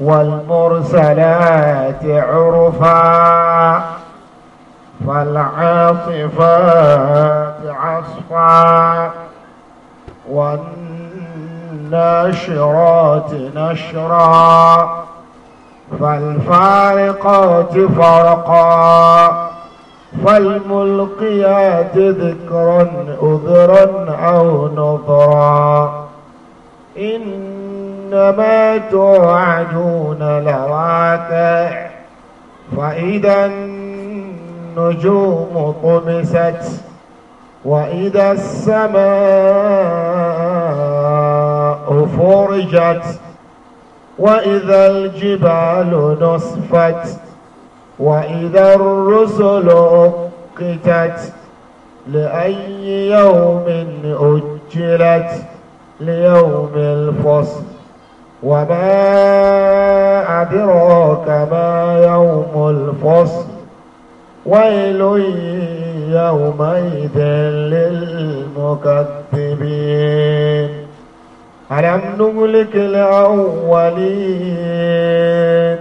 والمرسلات عرفا فالعاصفات عصفا والناشرات نشرا فالفارقات فرقا فالملقيات ذكرا أذرا أو نظرا إن إنما توعدون لواقع فإذا النجوم طمست وإذا السماء فرجت وإذا الجبال نصفت وإذا الرسل أقتت لأي يوم أجلت ليوم الفصل وما أدراك ما يوم الفصل ويل يومئذ للمكذبين ألم نهلك الأولين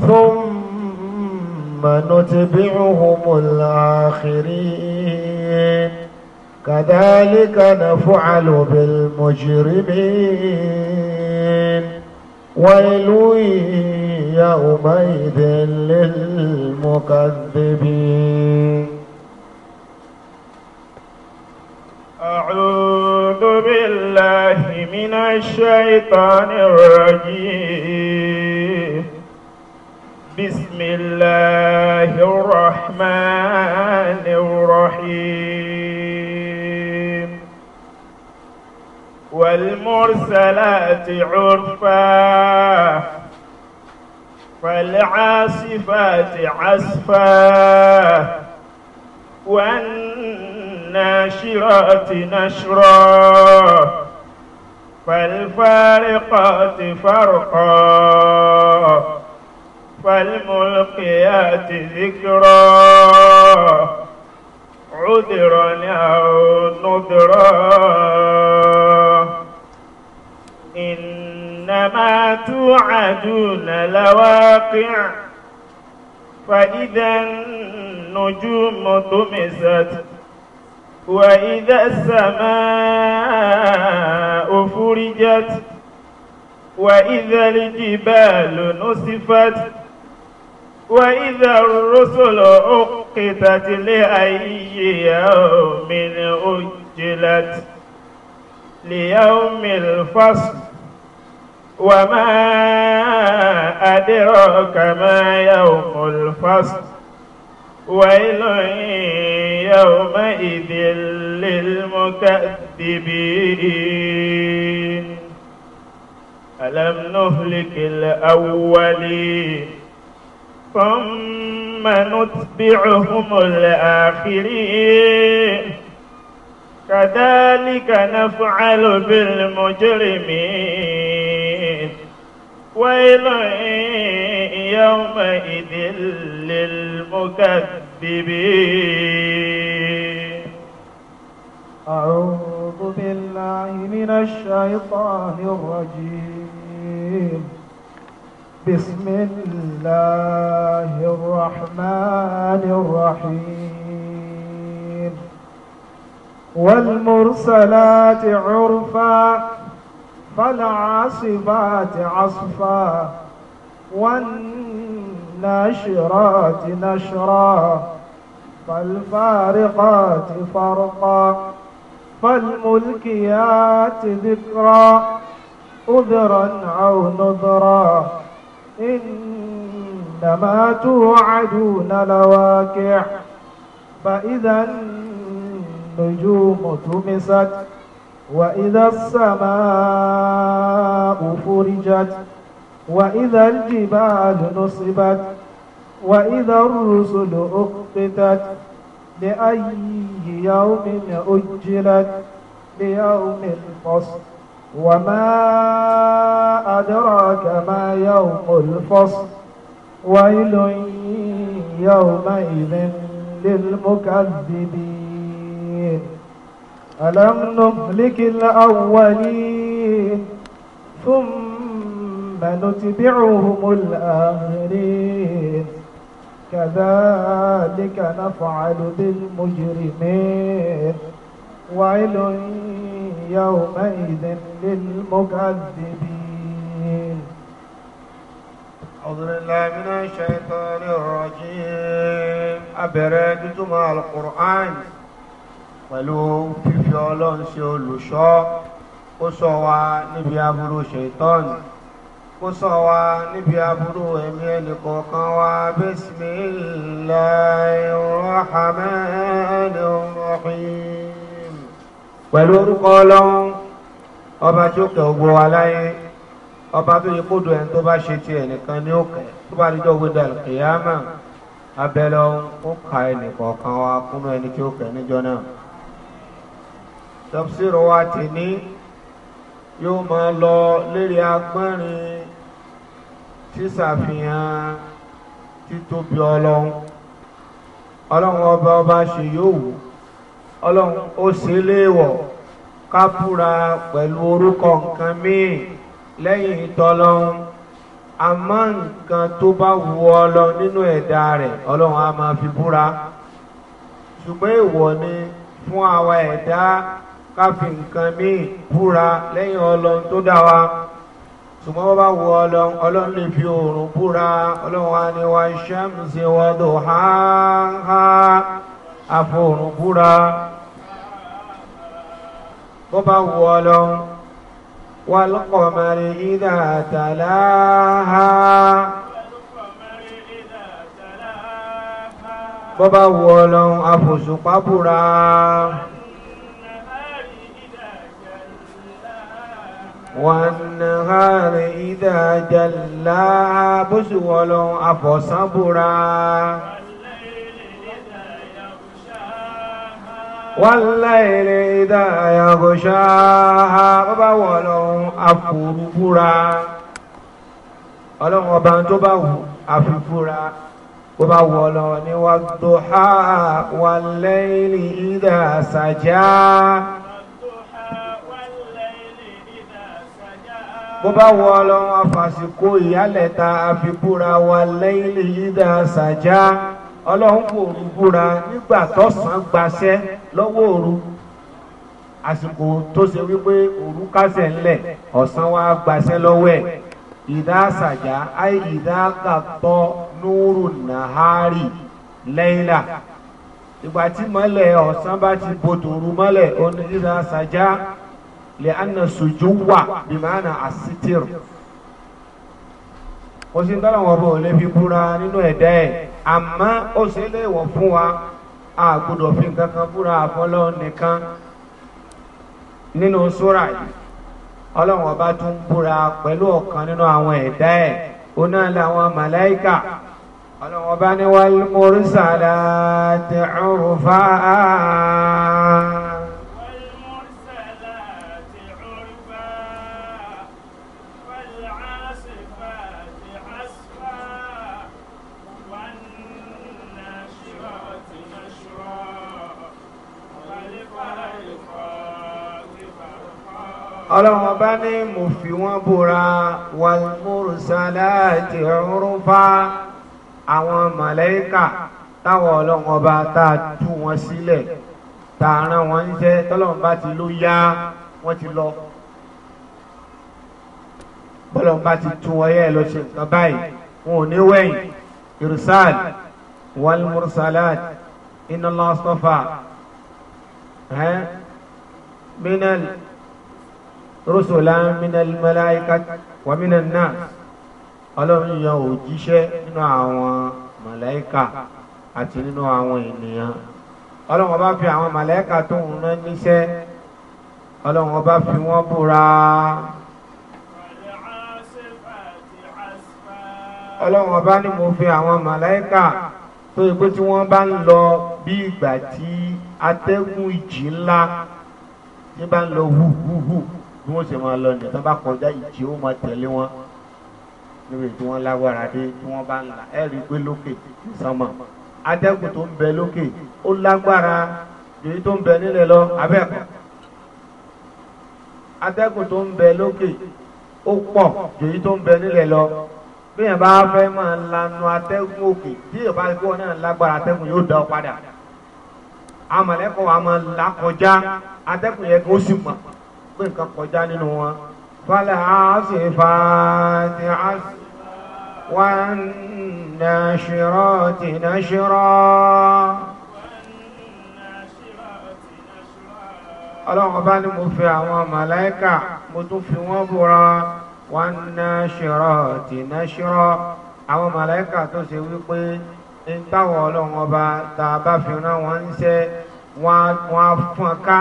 ثم نتبعهم الآخرين كذلك نفعل بالمجرمين ويل يومئذ للمكذبين أعوذ بالله من الشيطان الرجيم بسم الله الرحمن الرحيم والمرسلات عرفا فالعاصفات عسفا والناشرات نشرا فالفارقات فرقا فالملقيات ذكرا عذرا أو نذرا إنما توعدون لواقع فإذا النجوم طمست وإذا السماء فرجت وإذا الجبال نصفت وإذا الرسل أقتت لأي يوم أجلت ليوم الفصل وما أدراك ما يوم الفصل ويل يومئذ للمكذبين ألم نهلك الأولين ثم نتبعهم الآخرين كذلك نفعل بالمجرمين ويل يومئذ للمكذبين أعوذ بالله من الشيطان الرجيم بسم الله الرحمن الرحيم والمرسلات عرفا فالعاصفات عصفا والناشرات نشرا فالفارقات فرقا فالملكيات ذكرا أذرا أو نذرا إنما توعدون لواكع فإذا النجوم تمست وإذا السماء فرجت وإذا الجبال نصبت وإذا الرسل أقتت لأي يوم أجلت ليوم الفصل وما أدراك ما يوم الفصل ويل يومئذ للمكذبين ألم نهلك الأولين ثم نتبعهم الآخرين كذلك نفعل بالمجرمين ويل يومئذ للمكذبين أعوذ بالله من الشيطان الرجيم جمع القرآن pẹ̀lú fífi ọlọ́run ṣe olùṣọ́ ó ṣọ́ wa níbi aburú ṣètọ́nù ó ṣọ́ wa níbi aburú ẹ̀mí ẹnìkọ̀ọ̀kan wa bismillahir rahmanir rahim pẹ̀lú orúkọ ọlọ́run ọba tí ó kẹ́ ogbó wa láyé ọba tó yẹ kó do ẹni tó bá ṣe tiẹ̀ nìkan ní òkè tó bá dijọ́ gbé dàlù kìyàmà abẹ́lẹ́ ó ka ẹnìkọ̀ọ̀kan wa kúnú ẹni tí ó kẹ́ níjọ́ náà tafsir wa tèmi yóò máa lọ lérí agbọ́nrin sísàfihàn títóbi ọlọ́run ọlọ́run ọba ọba ṣe yóò wù ọlọ́run ó ṣe léèwọ̀ kápúra pẹ̀lú orúkọ nǹkan míì lẹ́yìn tọ́lọ́run àmọ́ nǹkan tó bá wù ọlọ́run nínú ẹ̀dá rẹ̀ ọlọ́run á máa fi búra ṣùgbọ́n èèwọ̀ ni fún àwa ẹ̀dá. E ká fi nǹkan míì búra lẹ́yìn ọlọ́run tó dá wa ṣùgbọ́n wọ́n bá wo ọlọ́run ọlọ́run lè fi oòrùn búra ọlọ́run wa ni wa ṣẹ́mùsì wọn tó háhá àfòòrùn búra wọ́n bá wo ọlọ́run wà lọ́kọ̀ọ́mọ́rin ìdá àtàláhá bọ́ bá wo ọlọ́run àfòṣùpá búra. والنهار إذا جلاها بسول أفصبرا والليل إذا يغشاها بول أفرفرا ọlọ́run ọba tó bá wù àfifúra bó bá wù ọlọ́run ni wàá dùn ha wal layli idha saja. bó bá wọ ọlọ́run àfàsìkò ìyálẹ̀ta àfibúra wa lẹ́yìn èyí dá sàjá ọlọ́run kò rú búra nígbà tọ́sán gbaṣẹ́ lọ́wọ́ òru àsìkò tó ṣe wípé òru kásẹ̀ ńlẹ̀ ọ̀sán wa gbaṣẹ́ lọ́wọ́ ẹ̀ ìdá sàjá àì ìdá gàtọ́ núrù nàhárì lẹ́yìnlá ìgbà tí mọ́lẹ̀ ọ̀sán bá ti bo tòru mọ́lẹ̀ onídìdá sàjá. لأن سجوة بمعنى الستر ó sì ń tọ́lá wọn bọ̀ lè fi búra nínú ẹ̀dá ẹ̀ àmọ́ ó sì lè wọ̀ fún wa a gbọ́dọ̀ fi nǹkan kan búra àfọlọ́ nìkan nínú sóra yìí ọlọ́run ọba tún búra pẹ̀lú ọ̀kan nínú àwọn ẹ̀dá wal mursalati urfa. ọlọ́run ọba ní mo fi wọ́n búra wàlmúrúsálàtì ọ̀rúnfà àwọn màlẹ́kà táwọn ọlọ́run ọba tá a tú wọn sílẹ̀ tá a rán wọn níṣẹ́ tọ́lọ́run bá ti ló yá wọ́n ti lọ bọ́lọ́run bá ti tú wọn yẹ́ ẹ lọ ṣe nǹkan báyìí wọn ò ní wẹ̀yìn irsal wàlmúrúsálàtì iná lọ́sọ́fà ẹ́ rusulan minal malaikati wa minan nas ọlọ́run yan òjíṣẹ́ nínú àwọn màláìka àti nínú àwọn ènìyàn ọlọ́run ọba fi àwọn màláìka tó ń rán níṣẹ́ ọlọ́run ọba fi wọ́n búra. ọlọ́run ọba ní mo fi àwọn màláìka tó yẹ pé tí wọ́n bá ń lọ bí ìgbà tí atẹ́gùn ìjì ńlá ní bá ń lọ hù hù hù bí wọ́n ṣe máa lọ nìyẹn tó bá kọjá ìjì ó máa tẹ̀lé wọn níbi tí wọ́n lágbára dé tí wọ́n bá ń là ẹ rí i pé lókè sánmà atẹ́gùn tó ń bẹ lókè ó lágbára èyí tó ń bẹ nílẹ̀ lọ abẹ́ẹ̀kọ́ atẹ́gùn tó ń bẹ lókè ó pọ̀ èyí tó ń bẹ nílẹ̀ lọ bí yẹn bá fẹ́ máa lanu atẹ́gùn òkè tí yẹn bá gbọ́ náà lágbára atẹ́gùn yóò dá ọ padà amọ̀lẹ́kọ̀ọ́ wa máa là kọjá atẹ́gùn yẹn kó sì mọ̀ gbé nǹkan kọjá nínú wọn. fala asifati asi wan nashirati nashira. ọlọ́run ọba ni mo fi àwọn màláìkà mo tún fi wọ́n búra wan nashirati nashira àwọn màláìkà tó ṣe wípé ń táwọn ọlọ́run ọba tá a bá fi rán wọn ń ṣe wọn á fọ́n ká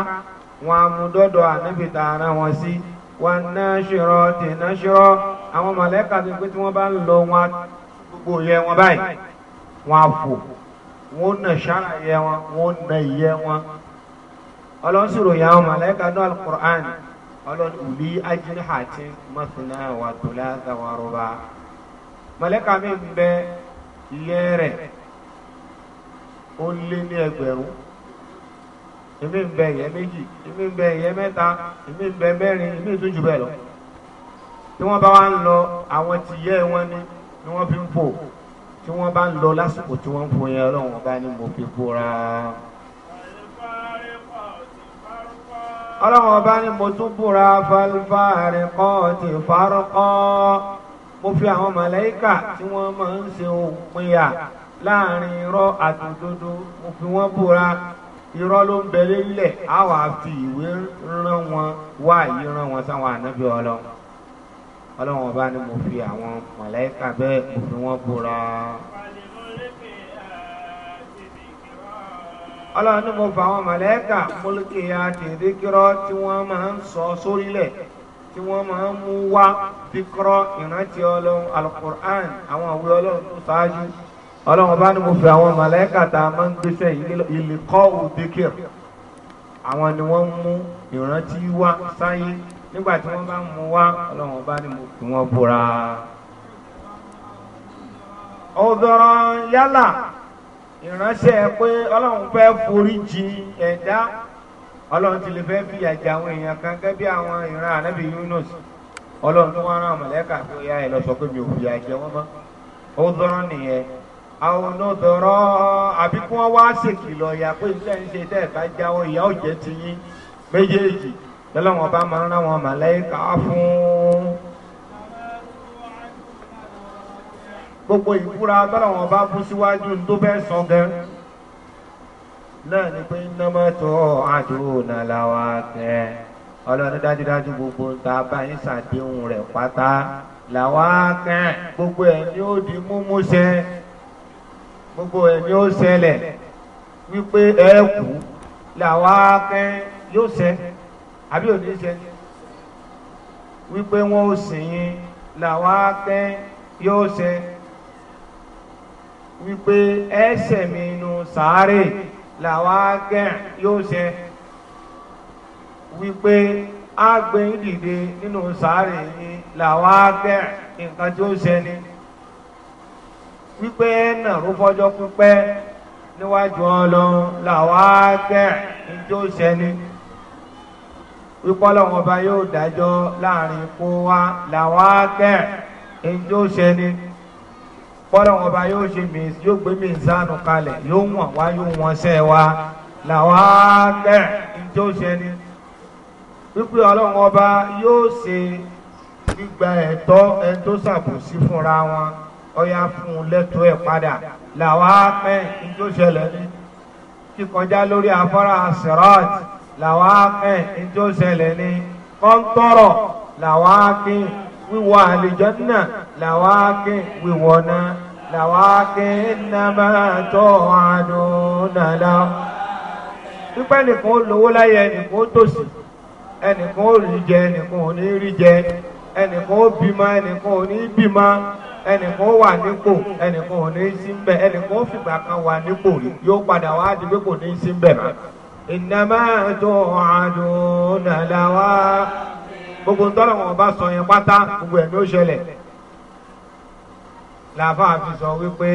wọn á mú dọ́dọ̀ ànábì tá a rán wọn sí wọn ná ṣòro tìǹà ṣòro àwọn mọ̀lẹ́kà tó pé tí wọ́n bá ń lọ wọn gbogbo yẹ wọn báyìí wọn á fò wọn ó nà ṣáà yẹ wọn wọn ó nà wọn ọlọ́sọ̀rọ̀ yà wọn mọ̀lẹ́kà náà alukur'an ọlọ́ni wùlí ajínhàtí mọ́tìnà wà tòlá àtàwárọ̀bá mọ̀lẹ́kà mi bẹ ìyẹ́ ó lé ní ẹgbẹ̀rún èmi ń bẹ ìyẹn méjì èmi ń bẹ ìyẹn mẹ́ta èmi ń bẹ mẹ́rin èmi ń tún jù bẹ́ẹ̀ lọ tí wọ́n bá wá ń lọ àwọn tìyẹ́ wọn ni ni wọ́n fi ń fò tí wọ́n bá ń lọ lásìkò tí wọ́n ń fò yẹn ọlọ́run bá ní mo fi búra. ọlọ́run ọba ní mo tún búra falifáàrí kọ́ ti fárúkọ́ mo fi àwọn màláíkà tí wọ́n máa ń ṣe òpinya láàrin irọ́ àtòdodo mo fi wọ́n búra irọ́ ló ń bẹ lélẹ̀ á wà fi ìwé rán wọn wá yìí rán wọn sáwọn ànábì ọlọ́run ọlọ́run ọba ni mo fi àwọn mọ̀lẹ́kà bẹ́ẹ̀ mo fi wọ́n búra. ọlọ́run ní mo fà àwọn mọ̀lẹ́kà mọ́lẹ́kì àtẹ̀dẹ́kírọ́ tí wọ́n máa ń sọ sórílẹ̀ tí wọ́n máa ń mú wá fíkọ́rọ́ ìrántí ọlọ́run alukur'an àwọn àwùjọ ọlọ́run tó ṣáájú ọlọ́run bá ní mo fi àwọn màláíkà tá a máa ń gbéṣẹ́ ìlẹ̀kọ́ òdekir àwọn ni wọ́n mú ìrántí wá sáyé nígbà tí wọ́n bá mú wá ọlọ́run bá ní mo fi wọ́n búra. ọ̀dọ̀rọ̀ yálà ìránṣẹ́ pé ọlọ́run fẹ́ forí jì ẹ̀dá ọlọ́run ti lè fẹ́ fi àjà àwọn èèyàn kan gẹ́gẹ́ bí àwọn ìran ànábì Yunus ọlọ́run tó wá rán màláíkà pé ó yá lọ sọ pé mi ò fi àjẹ wọn mọ́ ó nìyẹn àwọn onóbẹ̀rọ àbí kí wọ́n wá ṣèkìlọ̀ ìyá pé ilé ń ṣe tẹ́ ẹ̀ bá jáwọ́ ìyá òjẹ́ ti yín méjèèjì lọ́lọ́wọ́n bá máa ń rán wọn màláìka fún. gbogbo ìbúra tọ́lọ́wọ́n bá bú síwájú tó bẹ́ẹ̀ sọ gan náà ni pé nọ́mọ́tò àdúrà làwọn akẹ́ ọlọ́run dájúdájú gbogbo ta báyìí ṣàdéhùn rẹ̀ pátá làwọn akẹ́ gbogbo ẹ̀ ni ó di múmúṣẹ gbogbo ẹ̀ ni ó ṣẹlẹ̀ wípé ẹ kú làwọn akẹ́ yóò ṣẹ àbí òní ṣẹ wípé wọn ò sìn yín làwọn akẹ́ yóò ṣẹ wípé ẹsẹ̀ mi nu sàárè làwọn akẹ́ yóò ṣẹ wípé àgbẹ̀ ìdìde nínú sàárè yín làwọn akẹ́ nǹkan tí ṣẹ ni wípé nàró fọjọ́ pípẹ́ níwájú ọlọ́run làwa gẹ̀ níjó sẹ́ni wípé ọlọ́run ọba yóò dájọ́ láàrin kó wa làwa gẹ̀ níjó sẹ́ni fọlọ́run ọba yóò ṣe mí yóò gbé mi ìsánu kalẹ̀ yóò wọ̀n wá yóò wọ́n sẹ́ wa làwa gẹ̀ níjó sẹ́ni wípé ọlọ́run ọba yóò ṣe gbígba ẹ̀tọ́ ẹni tó fúnra wọn ọyà fún un lẹ́tọ́ ẹ̀ padà làwa pẹ́ níjó ṣẹlẹ̀ ní kíkọjá lórí afárá sirat làwa pẹ́ níjó ṣẹlẹ̀ ní kọ́ńtọ́rọ̀ làwa kí wíwọ àlìjọ́nà làwa kí wíwọ náà làwa kí nàbà tó àdúnà lọ. pípẹ́ nìkan ó lówó láyé ẹnìkan ó tòṣì ẹnìkan ó rí jẹ ẹnìkan ò ní rí jẹ ẹnìkan ó bímọ ẹnìkan ò ní bímọ ẹnìkan wà nípò ẹnìkan ò ní í sí mbẹ ẹnìkan ó fìgbà kan wà nípò rí yóò padà wá di pé kò ní í sí mbẹ mọ́. ìnáma tó àdùn nàlá wá gbogbo ntọ́lọ̀ wọn bá sọ yẹn pátá gbogbo ẹ̀ ó ṣẹlẹ̀ làbá fi sọ wípé.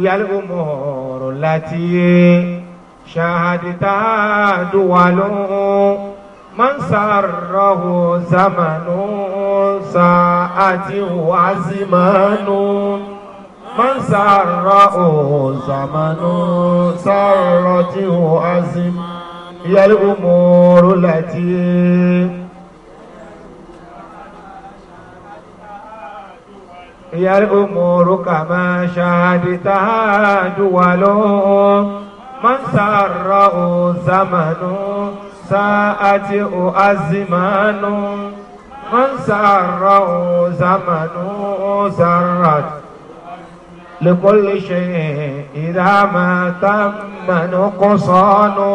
ìyálùmọ̀ọ́rọ̀ láti ṣahadita duwalu. من سره زمن ساعة وزمان من سره زمن سرة وزمان هي الأمور التي هي الأمور كما شهدتها دول من سره زمن sáàtì ò azimánú wọ́n sàárọ̀ ò zàmánú ò sàárọ̀ lẹ́kọ̀lẹ́ ṣe ìdáàmà tàmánú kò sọ́nù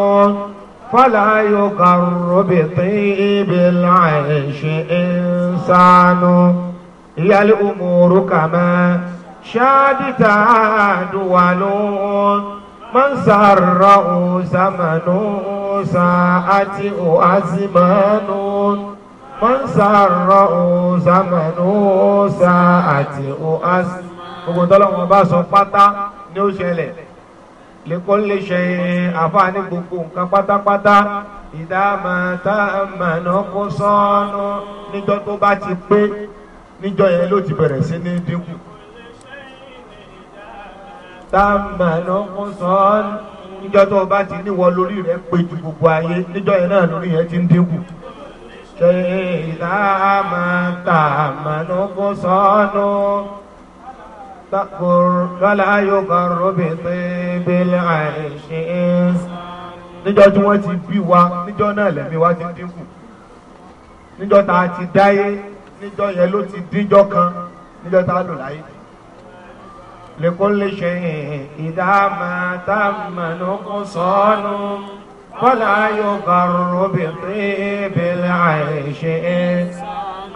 fọlá yóò kàrọ̀ bìtì ibi láì ṣe ìsánú ìyálé umuru kàmá. شادتا دول من سره زمنون ساعة أزمان من سره زمن ساعة أزمان gbogbo tọ́lọ́wọ́n bá sọ pátá ni ó ṣẹlẹ̀ lẹ́kọ́ lè ṣe àfààní gbogbo nǹkan pátápátá ìdáàmà tá a mànà kó sọ́ọ́nù níjọ́ tó bá ti pé níjọ́ yẹn ló ti bẹ̀rẹ̀ sí ní dínkù. tá a mànà kó sọ́ọ́nù níjọ́ tó o bá ti níwọ lórí rẹ pé ju gbogbo ayé níjọ́ yẹn náà lórí yẹn ti ń dínkù. ṣe ìlàmà tà mànú fún sọ́nù lọ́la yóò kọ́ rọ́bì pé bẹ́lẹ̀ àìṣe é. níjọ́ tí wọ́n ti bí wa níjọ́ náà lẹ́mí wa ti dínkù. níjọ́ tá a ti dáyé níjọ́ yẹn ló ti díjọ́ kan níjọ́ tá a lò láyé. لكل شيء إذا ما تم نقصان فلا يغر بطيب العيش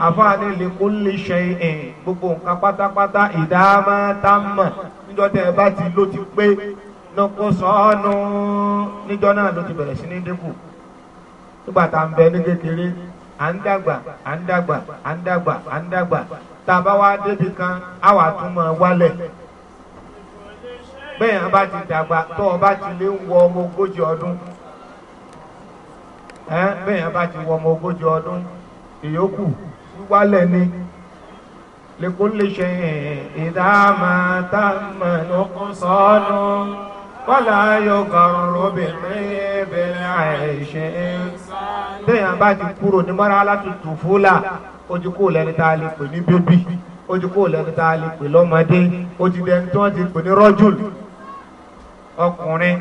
àfáàní lè kó lè ṣe ẹ̀ gbogbo nǹkan pátápátá ìdáàmà táàmà níjọ́ tẹ́ ẹ bá ti ló ti pé nọ́kó sọ́ọ́nù níjọ́ náà ló ti bẹ̀rẹ̀ sí ní dínkù nígbà tá à ń bẹ ní kékeré à ń dàgbà à ń dàgbà à ń dàgbà à ń dàgbà tá a bá wá débi kan á wà tún mọ̀ wálẹ̀ bẹ́ẹ̀ yẹn bá ti dàgbà tó o bá ti lè wọ ọmọ ogójì ọdún bẹ́ẹ̀ yẹn bá ti wọ ọmọ ogójì ọdún ìyókù wálẹ̀ ni lèkúlè ṣe ìdáàmà táàmù ọ̀sánù wọ́lá yóò gọ̀rọ̀ obìnrin bẹ̀rẹ̀ àìṣe bẹ́ẹ̀ yẹn bá ti kúrò ní mọ́ra alátùtù fúlà ojú kò lẹ́ni tá a lè pè ní bébì ojú kò lẹ́ni tá a lè pè lọ́mọdé ojú dẹni tí wọ́n ti pè ní rọ́jùlù ọkùnrin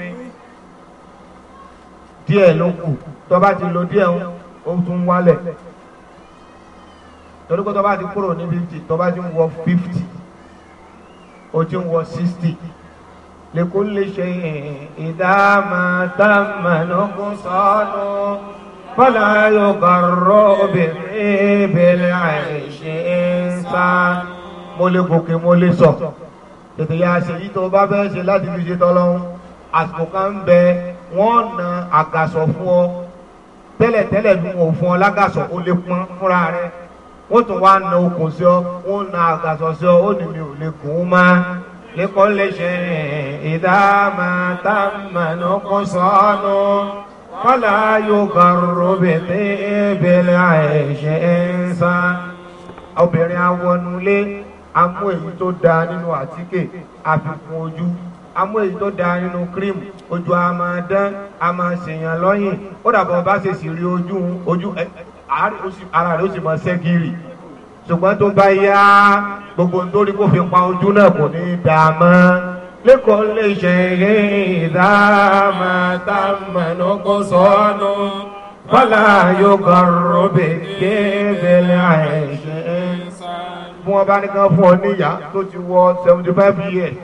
díẹ̀ ló kù tó bá ti lo díẹ̀ ń ó tún wálẹ̀ torí pé tó bá ti kúrò ní fifty tó bá ti ń wọ fifty ó ti ń wọ sixty lẹ́kọ́ lè ṣe ìdáàmà dáàmà sọ́nù fọlá yóò gbàrọ́ obìnrin bẹ̀rẹ̀ àìṣe ń sá mo lè tètè ya ṣe yìí tó bá fẹ́ ṣe láti fi ṣe tọ́lọ́hún àsìkò kan ń bẹ wọ́n na àgàsọ̀ fún ọ tẹ́lẹ̀tẹ́lẹ̀ nu ò fún ọ lágàsọ̀ ó lè pọ́n fúnra rẹ wọ́n tún wá na okùn sí ọ wọ́n na àgàsọ̀ sí ọ ó ní mi ò lè gùn ún mọ́ lẹ́kọ̀ọ́ lè ṣe ìdáàmà táàmànà kan sọ́ọ́nù kọ́lá yóò gbàrú bẹ̀tẹ̀ bẹ̀lẹ̀ àìṣe ẹ̀ ń sá obìnrin awọnulé amú èyí tó dáa nínú àtíkè àfikún ojú amú èyí tó dáa nínú kírìmù ojú a máa dán a máa ṣèyàn lọ́yìn ó dàbọ̀ bá ṣe sì rí ojú ojú ara rẹ̀ ó sì mọ ṣẹ́gìrì ṣùgbọ́n tó bá yá gbogbo nítorí kó fi pa ojú náà kò ní í dà mọ́ lẹ́kọ̀ọ́ lè ṣe eré ìdáàmà kó sọ́nù fọlá yóò gbọ́rọ̀ bèké bẹ́lẹ̀ àìṣe bí wọ́n bá ní kán fún ọ níyà tó ti wọ seventy five years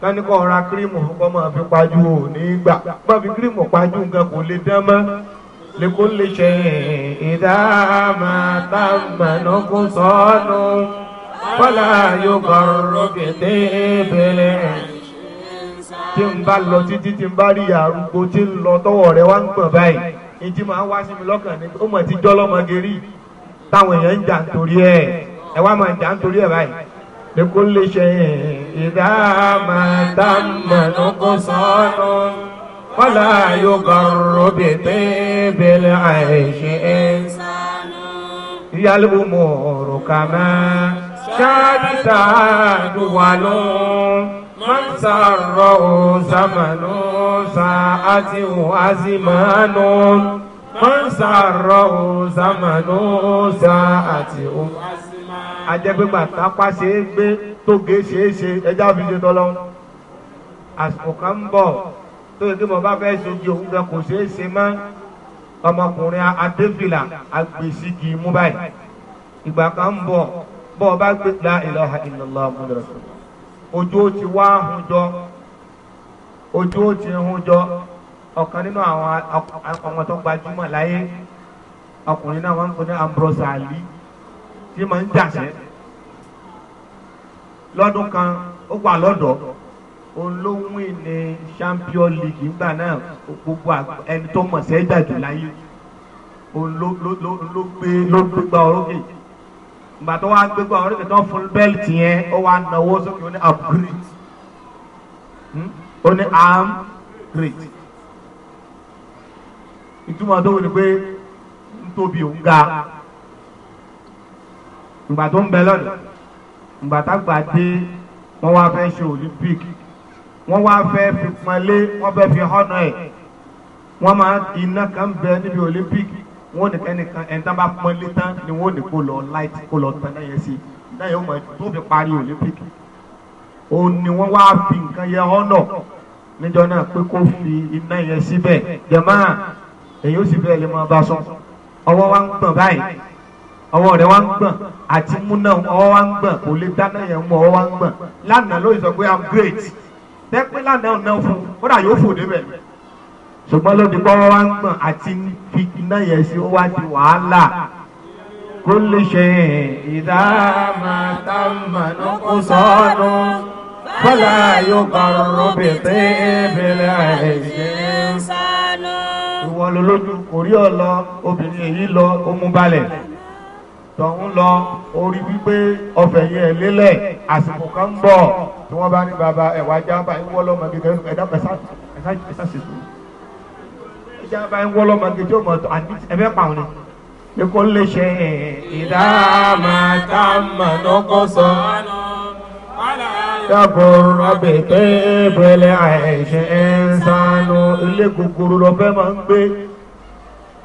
kání kọ́ ra kírímù kọ́ máa fi pajú ò ní gbà má fi kírímù pajú nǹkan kò lè dán mọ́ lẹ́kọ́ lè ṣe ìdáàmà táàmánà kó sọ́ọ́nù kọ́lá yóò gbọ́rọ̀ kété bẹ̀rẹ̀ tí n bá lọ títí tí n bá rí arúgbó tí n lọ tọwọ́ rẹ̀ wá ń gbọ̀n báyìí ìdí máa wá sí mi lọ́kàn ní ó mọ̀ ti jọ́ táwọn èèyàn ń jà nítorí ẹ̀ ẹ wá máa dá nítorí ẹ báyìí. lẹ́kọ́ lè ṣe ìdá máa dá mọ̀nà kó sọ́nù wọ́lá yóò gbọ́rọ̀ bèbè bẹ̀rẹ̀ àìṣe ẹ̀ sánú. mọ̀ ọ̀rọ̀ kà máa ṣáàbì sáàdù wà ló máa ń sàrọ̀ ọ̀sàmánú sàátì wàásìmánú máa ń sàrọ̀ ọ̀sàmánú sàátì wàásìmánú ajẹ́gbẹ́gbà tápá ṣe é gbé tóge ṣe é ṣe ẹjá fi ṣe tọ́lọ́hún àsìkò kan ń bọ̀ tó yẹ kí mo bá fẹ́ sojú òun gan kò ṣe é ṣe mọ́ ọmọkùnrin adéfìlà agbèsígi mú báyìí ìgbà kan ń bọ̀ bọ́ ọ bá gbé la ilaha illallah muhammadur rasul ojú ó ti wá hun jọ ojú ó ti hun jọ ọ̀kan nínú àwọn ọmọ tó gbajúmọ̀ láyé ọkùnrin náà wọ́n ń pè ní Ambrose Ali tí máa ń jàṣẹ́ lọ́dún kan ó wà lọ́dọ̀ òun ló champion league nígbà náà gbogbo ẹni tó mọ̀ sẹ́jà jù láyé òun ló gbé ló gbé gba orókè ìgbà tó wá gbé gba orókè tó fún bẹ́ẹ̀lì yẹn ó wá náwó sókè ó ní upgrade hmm? ó ní upgrade, rate ìtumọ̀ tó wù ní pé ń tóbi òun ga ìgbà tó ń bẹ lọ́dọ̀ ìgbà tágbà dé wọ́n wá fẹ́ ṣe olympic wọ́n wá fẹ́ fi pọnlé wọ́n fẹ́ fi họ́nà ẹ̀ wọ́n máa iná kan bẹ níbi olympic wọ́n ní kẹ́nìkan ẹni tán bá pọnlé tán ni wọ́n ní kó lọ light kó lọ tán náà yẹn sí náà yẹn wọ́n tó fi parí olympic òun ni wọ́n wá fi nǹkan yẹn họ́nà níjọ náà pé kó fi iná yẹn síbẹ̀ jẹ̀máà èyí ó sì bẹ́ẹ̀ lè máa bá sọ ọwọ́ wa ń gbọ̀n báyìí ọwọ́ rẹ̀ wá ń gbọ̀n àti múná ọwọ́ wá ń gbọ̀n kò lè dáná yẹn mú ọwọ́ wá ń gbọ̀n lánàá ló sọ pé i'm great tẹ́pẹ́ lánàá ọ̀nà fún kódà yóò fò débẹ̀ ṣùgbọ́n lóde kọ́ ọwọ́ wá ń gbọ̀n àti fi iná yẹn sí wá di wàhálà kó lè ṣe ìdáàmà táàmà lóko sọ́ọ́nù fọlá yóò kọrọ bèbè bèbè àìsè sánú. ìwọ lolójú kò rí ọ lọ obìnrin èyí lọ ó mú balẹ̀ tọ̀hún lọ orí wípé ọbẹ̀ yẹn lélẹ̀ àsìkò kan ń bọ̀ tí wọ́n bá ní baba ẹ̀wà jábà ń wọ́ lọ́mọ kékeré ẹ̀dá pẹ̀sà pẹ̀sà ṣètò jábà ń wọ́ lọ́mọ kékeré ọmọ tó àti ẹ̀fẹ́ pàwọn ni. Èkó lè ṣe ìdáàmà tá a mà lọ́kọ́ sọ. Dàbọ̀ rọ̀bì pé bẹ̀lẹ̀ àìṣe ẹ̀ ń sánú ilé gbogbo lọ́fẹ́ máa ń gbé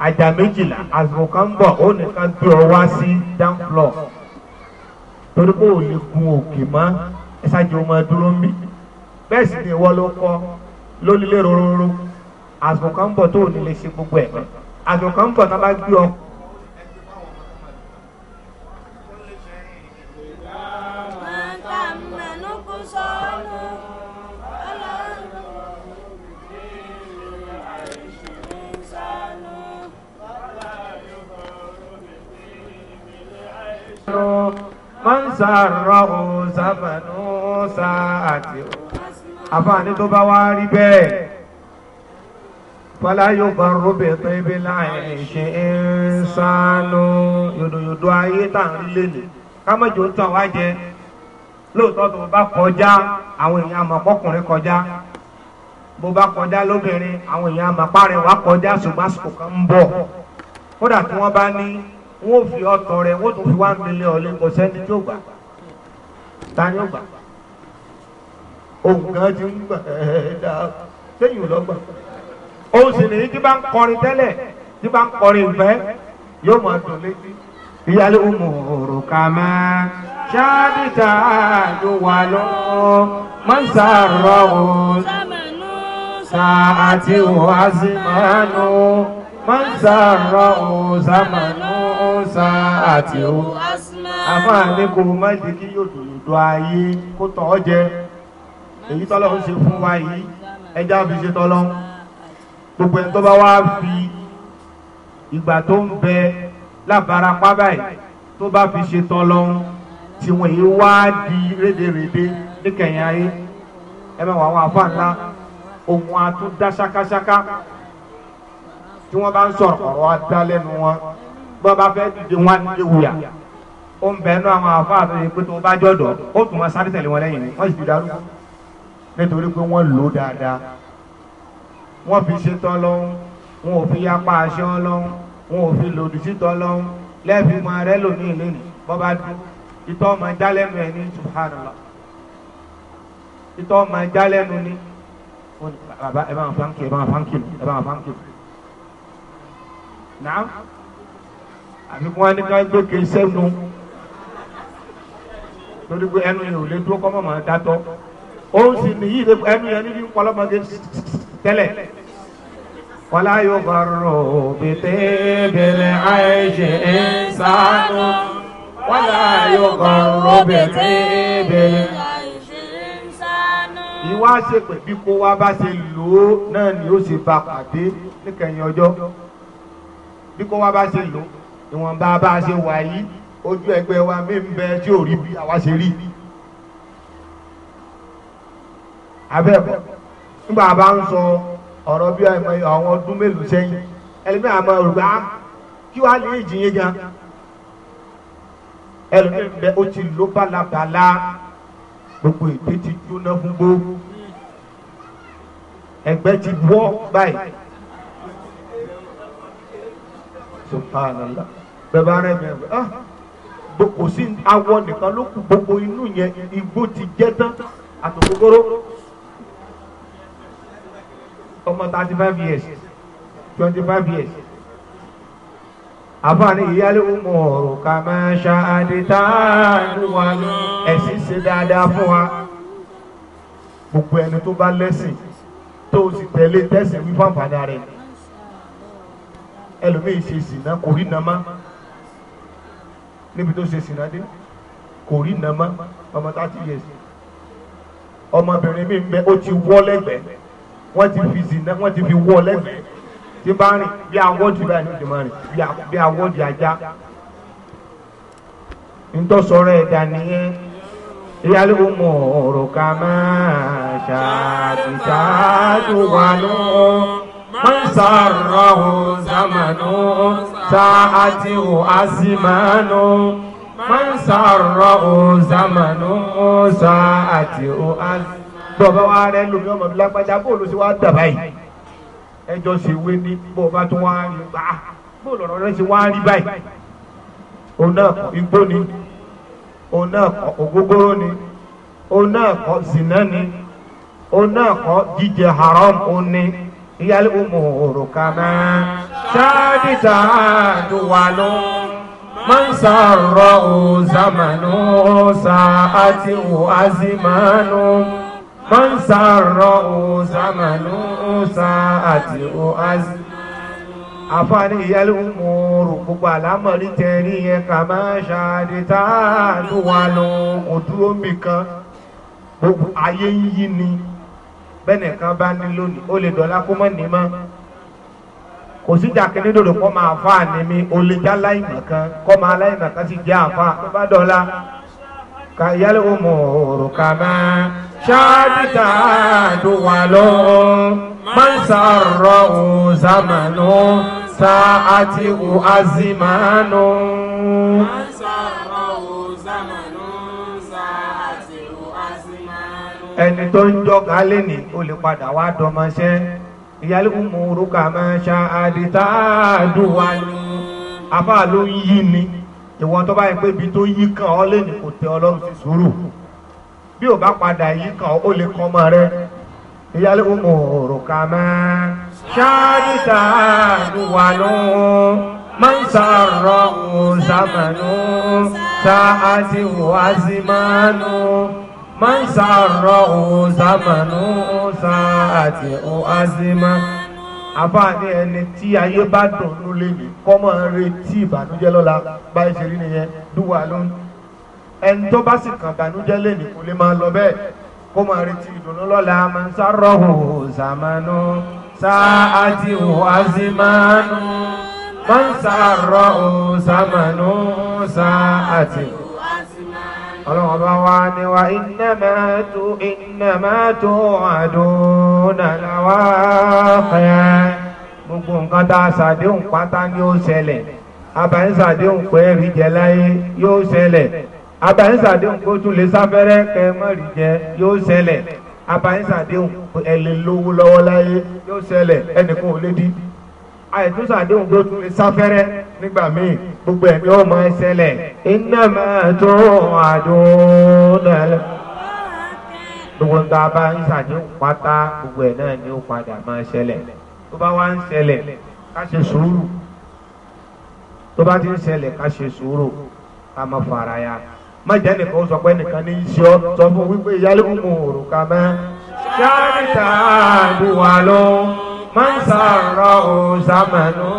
àjà méjìlá àsìkò kan ń bọ̀ ó nìkan gbé ọ wá sí down floor torí pé ò lè gun òkè mọ́ ẹ̀sájú ọmọ dúró ń bì sì ni ìwọ ló kọ́ lónílé rororo àsìkò tó ò ní lè ṣe gbogbo ẹ̀ àsìkò kan ń bá gbé ọkọ̀. mọ́nsàrọ̀hù sàmánú sàátì o àfààní tó bá wá rí bẹ́ẹ̀ fọlá yóò bá rúbẹ̀ tó ibi láàyè ṣe é sánú yòdòyòdò ayé tá à ń lé ní kámẹ́jọ ń tàn wá jẹ lóòótọ́ tó bá kọjá àwọn èèyàn àmọ̀kọ́kùnrin kọjá bó bá kọjá lóbìnrin àwọn èèyàn àmọ̀pá rẹ̀ kọjá ṣùgbọ́n àsìkò kan ń bọ̀ kódà tí wọ́n bá ní wọ́n fi ọ̀tọ̀ rẹ̀ wọ́n tún fi one million lé kò sẹ́ni tí ó gbà ta ni ó gbà ògùn kan ti ń gbà ẹ̀ dá sẹ́yìn ò lọ́gbà òun sì nìyí tí bá ń kọrin tẹ́lẹ̀ tí bá ń kọrin ìfẹ́ yóò máa dùn létí ìyálé umuru kama ṣáàdìtà àdúwà lọ mọ́nsàrọ̀ ọ̀hún sàátì wàásìmánú máa ń sàárọ̀ ọ̀sà màánú ọ̀sà àti ó àfáà ní kò má jẹ́ kí yòdòdò ayé kó tọ́ ọ jẹ èyí tọ́lọ́hún ṣe fún wa yìí ẹja fi ṣe tọ́lọ́hún gbogbo ẹni tó bá wá fi ìgbà tó ń bẹ lábara pábà yìí tó bá fi ṣe tọ́lọ́hún tí yìí wá di rédèrèdè níkẹyìn ayé ẹ bá wà wọ́n àfáà ńlá ohun àtúndá ṣákáṣáká tí wọ́n bá ń sọ̀rọ̀ ọ̀rọ̀ adálẹ́nu wọn bí wọ́n bá fẹ́ dìde wọn á dìde wuyà ó ń bẹnu àwọn àfa àtẹ̀yẹ pé tó bá jọ̀dọ̀ ó tún wọn sáré tẹ̀lé wọn lẹ́yìn ni wọ́n sì fi darúgbó nítorí pé wọ́n lò dáadáa wọ́n fi ṣetán lọ́hún wọn ò fi yapa aṣọ lọ́hún wọn ò fi lòdì sítọ́ lọ́hún lẹ́ẹ̀fi mọ rẹ lónìí lónìí bọ́ bá dún ìtọ́ ọmọ jálẹ́nu ẹ̀ ní subhanallah ìtọ́ ọmọ jálẹ́nu ní ẹ bá wọn fáńkì ẹ bá wọn fáńkì ẹ bá wọn fáńkì náà àbí wọn ní ká gbé ke sẹ́nu lórí pé ẹnu yẹn ò lè dúró kọ́mọ́ máa dátọ́ ó sì nìyí lè ẹnu yẹn níbi nkọlọ́mọge tẹ́lẹ̀ wọ́n yóò gbọ́rọ̀ bìtẹ́ bẹ̀rẹ̀ àìṣẹ́ ìsánú wọ́n yóò gbọ́rọ̀ bìtẹ́ bẹ̀rẹ̀ àìṣẹ́ ìsánú. ìwá ṣe pẹ̀ bí kó wá bá ṣe lò ó náà ni ó ṣe bá pàdé níkẹyìn ọjọ́ bí kò wá bá ṣe lò ìwọ̀nba bá ṣe wà yìí ojú ẹgbẹ́ wa mí ń bẹ tí ò rí bí àwa ṣe rí abẹ́ẹ̀kọ́ nígbà bá ń sọ ọ̀rọ̀ bí àwọn ọdún mélòó sẹ́yìn ẹlẹ́mí àmọ́ òrùka kí wàá lè jìyẹn gan ẹlẹ́mí bẹ ó ti ló bálabàlá gbogbo ètè ti jóná fún gbó ẹgbẹ́ ti wọ́ báyìí. subhanallah bẹ́ẹ̀ bá ah kò sí awọ nìkan ló kù gbogbo inú yẹn igbó ti jẹ́ tán àtòkòkòrò ọmọ thirty five years twenty five years àfààní ìyáálé ọmọ ọ̀rọ̀ ká máa ṣa àdìtà àdúrà ẹ̀sìn ṣe dáadáa fún wa gbogbo ẹni tó bá lẹ́sìn tó o sì tẹ̀lé tẹ̀sìn wípé àǹfààní rẹ̀ ni ẹlòmíì ṣe sìnà kò rí nàmá níbi tó ṣe sìnà dé kò rí nàmá ọmọ thirty years ọmọbìnrin mi ń bẹ ó ti wọ́ lẹ́gbẹ̀ẹ́ wọ́n ti fi sìnà wọ́n ti fi wọ́ lẹ́gbẹ̀ẹ́ tí bá rìn bí awọ́dì báyìí ló ti máa rìn bí awọ́dì ajá ntọ́sọ̀rọ̀ ẹ̀dá nìyẹn ìyálé ó mọ ọ̀rọ̀ ká máa ṣàtìṣàtò wà lọ́wọ́ máa ń sàrọ̀ ثمن ساعته أزمان من سره زمن ساعته أزمان bọ́ọ̀bá wa rẹ lómi ọmọ mi lágbájá bóòlù sí wa dàbá yìí ẹjọ́ sì wé ní bọ́ọ̀bá tó wá rí bá bóòlù ọ̀rọ̀ rẹ sì wá rí báyìí òun náà kọ igbó ni òun náà kọ ògógóró ni òun náà kọ zìnà ni òun náà kọ jíjẹ haram òun ni ìyálé òmùhòrò kan náà. شادتا دول من سره زمن ساءته أزمان من سره زمن ساءته أزمان àfààní ìyẹ́lùmù rò gbogbo àlámọ̀rí tẹ̀rí yẹn kà máa ṣáàdì táàlù wà lọ òdúró mi kan gbogbo ayé ni bẹ́ẹ̀ nìkan bá ní lónìí ó lè dọ̀la kó mọ̀ ní mọ́ kò síjà kínní lòdò kọ́ máa fa ànímí olè láìmọ̀ kan kọ́ máa láìmọ̀ kan sì jẹ́ àfa tó bá dọ̀la ka yálẹ̀ o mọ̀ ọ̀rọ̀ kà máa ṣáàdìtà àdùnwà lọ máa ń sàrọ̀ òun sàmànù sàátì òun ẹni tó ń jọ́ kálẹ̀ ni ó padà wá dọ́mọṣẹ́ ìyálùmùrù kà máa ṣa àdìtàdùn wa ni afá ló ń yí ni ìwọ tó bá yẹ pé ibi tó yí kàn ọ́ lè ní kò tẹ ọlọ́run sí sùúrù bí ò bá padà yí kàn ó lè kàn ọmọ rẹ ìyálùmùrù kà máa ṣa àdìtàdùn wa nù máa ń sàrọ̀ òun sàmànù sáà ti wàásì máa nù. من سره زمن ساعته أزمة àbáàní ẹni tí ayé bá dùnnú léni kọ́ máa ń retí ìbànújẹ́ lọ́la báyìí ṣe rí nìyẹn dùwà lónìí ẹni tó bá sì kàn ìbànújẹ́ léni kò lè máa lọ bẹ́ẹ̀ kó máa retí ìdùnnú lọ́la máa ń sárọ̀hù zàmánú sáàtì wàzímánú máa ń sárọ̀hù zàmánú sáàtì wàzímánú ọlọ́run ọba wa ni wa iná máa tó iná máa tó àdúnà làwa fẹ́. gbogbo nǹkan tá a ṣàdéhùn pátá ni ó ṣẹlẹ̀ abàǹṣàdéhùn pé rí jẹ láyé yóò ṣẹlẹ̀ abàǹṣàdéhùn pé ó tún lè sáfẹ́rẹ́ kẹ́ mọ́ rí jẹ yóò ṣẹlẹ̀ abàǹṣàdéhùn pé ẹ lè lówó lọ́wọ́ láyé yóò ṣẹlẹ̀ ẹnìkan ò lè dí àìtúnṣe àdéhùn tó tún lè sáfẹ́rẹ́ nígbà míì gbogbo ẹ̀mí ó máa iná máa tó àdúrà gbogbo ń tá bá ń ṣàdéhùn pátá gbogbo ẹ̀ náà ni ó padà máa ṣẹlẹ̀ tó bá wá ń ṣẹlẹ̀ ká ṣe sùúrù tó bá ti ń ṣẹlẹ̀ ká ṣe sùúrù ká má fara ya má jẹ́ nìkan ó sọ pé nìkan ní í ṣe ọ́ sọ fún wípé ìyálé kò mú òrùka mẹ́ ṣáà níta àbúwà lọ́wọ́ máa ń sàárọ̀ ò sàmánú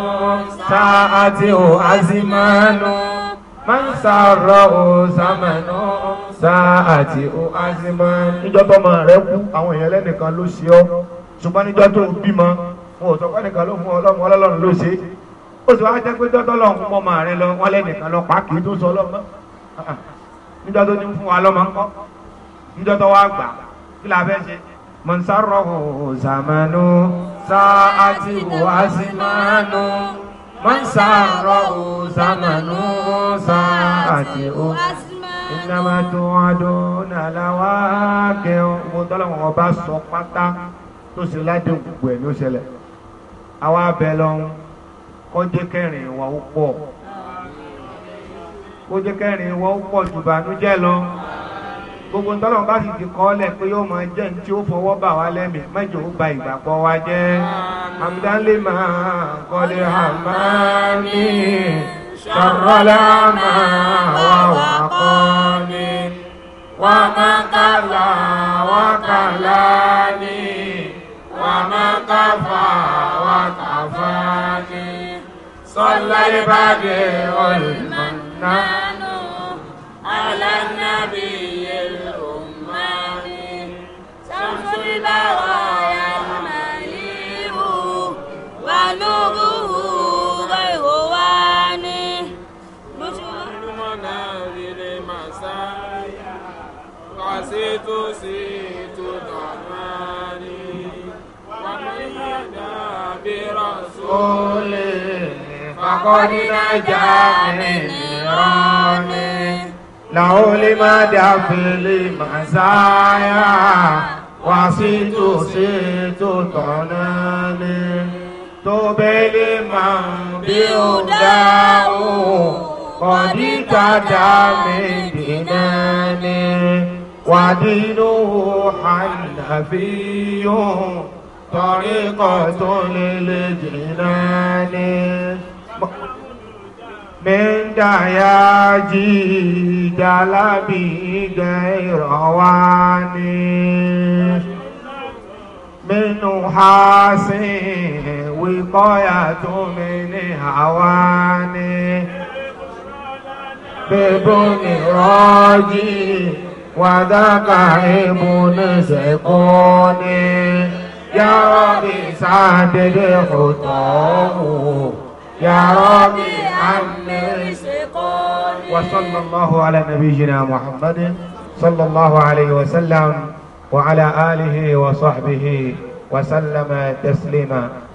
tá àti ò azimánú máa ń sàárọ̀ ò sàmánú tá àti ò azimánú. níjọ́ tọ́mọ rẹ kú àwọn èèyàn lẹ́nìkan ló ṣe ọ́ ṣùgbọ́n níjọ́ tó ń bímọ wọn ò sọ pé nìkan ló mú ọlọ́run ọlọ́run ló ṣe ó sì wáá jẹ́ pé dọ́tọ́ lọ́hún fún ọmọ rẹ lọ wọ́n lẹ́nìkan lọ pa tó sọ ọlọ́mọ níjọ́ tó ní fún wa lọ́mọ ńkọ́ níjọ́ tó wá gbà kí la fẹ́ ṣe. منصره زمن ساعته وازمان منصره زمن ساعته وازمان إنما توعدون لواقع mọ̀tọ́lọ́wọ́n ọba sọ pátá tó ṣe ládé gbogbo ẹ̀ ló ṣẹlẹ̀ àwa abẹ lọ́hún kọjá kẹrin ìwà ó pọ̀ kọjá kẹrin ìwà ó pọ̀ jù bànújẹ́ lọ gbogbo ntọ́lọ́n bá sì ti kọ́ lẹ̀ pé yóò máa jẹ́ ní tí ó fọwọ́ bà wá lẹ́mìí mẹ́jọ ó ba ìgbàgbọ́ wa jẹ́ amúdálé máa kọ́lé àmàmì sọ̀rọ̀lá máa wà wà kọ́ ni wà má kàlà wà kàlà ni wà má kàfà wà kàfà ni sọ̀lá ìbàdí ọ̀lùmọ̀nà alẹ́ nàbí. فقد نجا من نيراني له لما دفل مزايا وعصيت سيت طلالي توبي لمن بيوداه قد كدا من ديناني ودينه حنفي طريقة للجنان من دعياجي جلبي غير واني من حاسي وقاية من هواني ببن راجي وذاك ابن سكوني يا ربي سدد خطاه يا ربي عم سقاني وصلى الله على نبينا محمد صلى الله عليه وسلم وعلى آله وصحبه وسلم تسليما